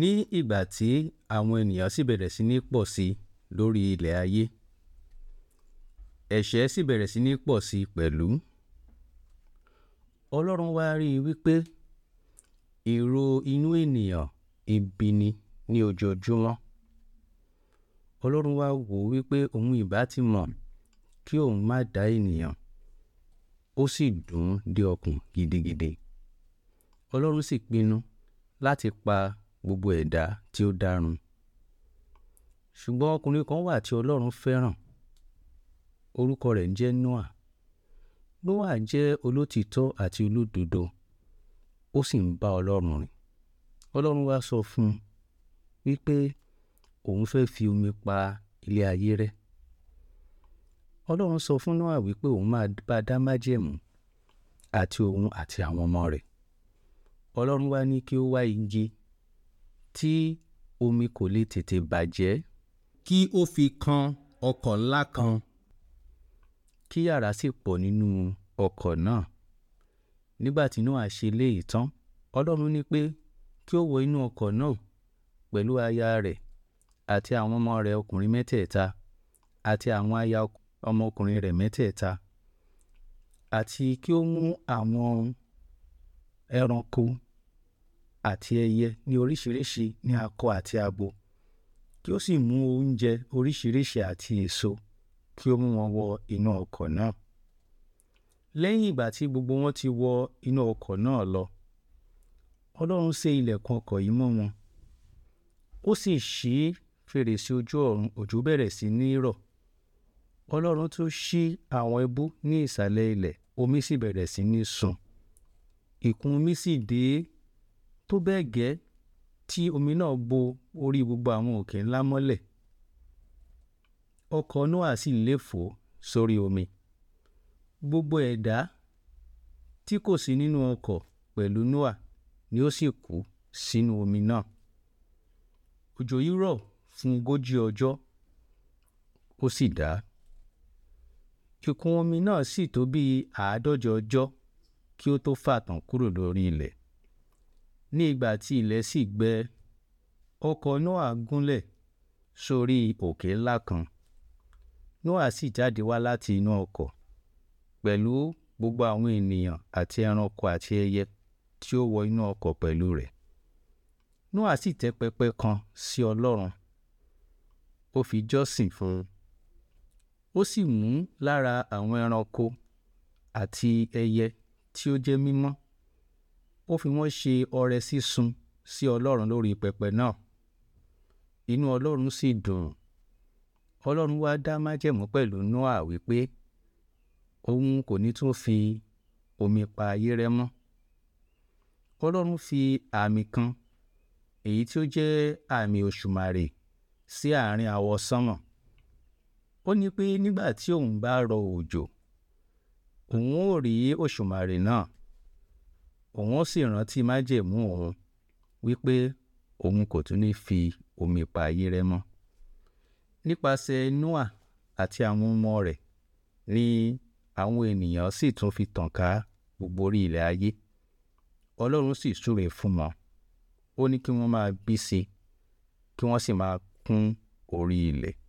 ní ìgbà tí àwọn ènìyàn sì bẹ̀rẹ̀ sí ní pọ̀ sí lórí ilẹ̀ ayé ẹ̀ṣẹ̀ sì bẹ̀rẹ̀ sí ní pọ̀ sí pẹ̀lú ọlọ́run wá rí i wípé èrò inú ènìyàn ibi ni ní ojoojúmọ́ ọlọ́run wá wò ó wípé òun ìbá ti mọ̀ kí òun má dá ènìyàn ó sì dùn ún dé ọkàn gidigidi ọlọ́run sì pinnu láti pa gbogbo ẹ̀dá tí ó dárun. ṣùgbọ́n ọkùnrin kan wà tí Ọlọ́run fẹ́ràn orúkọ rẹ̀ ń jẹ́ Noah. Noah jẹ́ olótìtọ́ àti olódodo ó sì ń bá Ọlọ́run rìn. Ọlọ́run wá sọ fún un wípé òun fẹ́ fi omi pa ilé ayé rẹ́. Ọlọ́run sọ fún Noah wípé òun máa bá dá májẹ̀mú àti òun àti àwọn ọmọ rẹ̀. Ọlọ́run wá ní kí ó wá igi tí omi kò lè tètè bàjẹ́ kí ó fi kan ọkọ̀ ńlá kan kí yàrá sì pọ̀ nínú ọkọ̀ náà nígbà tí Nóà ṣe léyìí tán Ọlọ́run ní pé kí ó wọ inú ọkọ̀ náà pẹ̀lú aya rẹ̀ àti àwọn ọmọ rẹ̀ ọkùnrin mẹ́tẹ̀ẹ̀ta àti àwọn aya ọmọkùnrin rẹ̀ mẹ́tẹ̀ẹ̀ta àti kí ó mú àwọn ẹranko àti ẹyẹ ní oríṣiríṣi ní akọ àti abo kí ó sì mú oúnjẹ oríṣiríṣi àti èso kí ó mú wọn wọ inú ọkọ̀ náà. lẹ́yìn ìgbà tí gbogbo wọn ti wọ inú ọkọ̀ náà lọ ọlọ́run ṣe ilẹ̀kùn ọkọ̀ yìí mọ́ wọn ó sì ṣí fèrèsé ojú ọ̀run òjò bẹ̀rẹ̀ sí ní rọ̀ ọlọ́run tún ṣí àwọn ẹbú ní ìsàlẹ̀ ilẹ̀ omi sì bẹ̀rẹ̀ sí ní sùn ìkún omi sì dé tó bẹ́ẹ̀ gẹ́ tí omi náà bo orí gbogbo àwọn òkè ńlá mọ́lẹ̀ ọkọ̀ noah sì léfò sórí omi gbogbo ẹ̀dá tí kò sí nínú ọkọ̀ pẹ̀lú noah ni ó sì kú sínú omi náà òjò yìí rọ̀ fún ogójì ọjọ́ ó sì dá ìkún omi náà sì tó bí àádọ́jọ ọjọ́ kí ó tó fàtàn kúrò lórí ilẹ̀ ní ìgbà tí ilẹ̀ ṣì gbẹ ọkọ̀ noah gúnlẹ̀ sórí òkè ńlá kan noah sì jáde wá láti inú ọkọ̀ pẹ̀lú gbogbo àwọn ènìyàn àti ẹranko àti ẹyẹ tí ó wọ inú ọkọ̀ pẹ̀lú rẹ̀ noah sì tẹ́ pẹpẹ kan sí ọlọ́run ó fi jọ́sìn fún un ó sì mú lára àwọn ẹranko àti ẹyẹ tí ó jẹ́ mímọ́ ó fi wọ́n ṣe ọrẹ sísun sí ọlọ́run lórí pẹpẹ náà inú ọlọ́run sì dùn ọlọ́run wá dá májẹ̀mú pẹ̀lú noah wípé òun kò ní tún fi omi pa ayé rẹ mọ́ ọlọ́run fi àmì kan èyí tí ó jẹ́ àmì òṣùmàrè sí àárín àwọ̀ sánmọ̀ ó ní pé nígbà tí òun bá rọ òjò òun ó rí òṣùmàrè náà òun ó sì rántí májẹ̀mú òun wípé òun kò tún ní fi omi pa ayé rẹ̀ mọ́ nípasẹ̀ Nóà àti àwọn ọmọ rẹ̀ ni àwọn ènìyàn sì tún fi tàn ká gbogbo orí ilẹ̀ ayé Ọlọ́run sì súre fún wọn ó ní kí wọ́n máa bí sí kí wọ́n sì máa kún orí ilẹ̀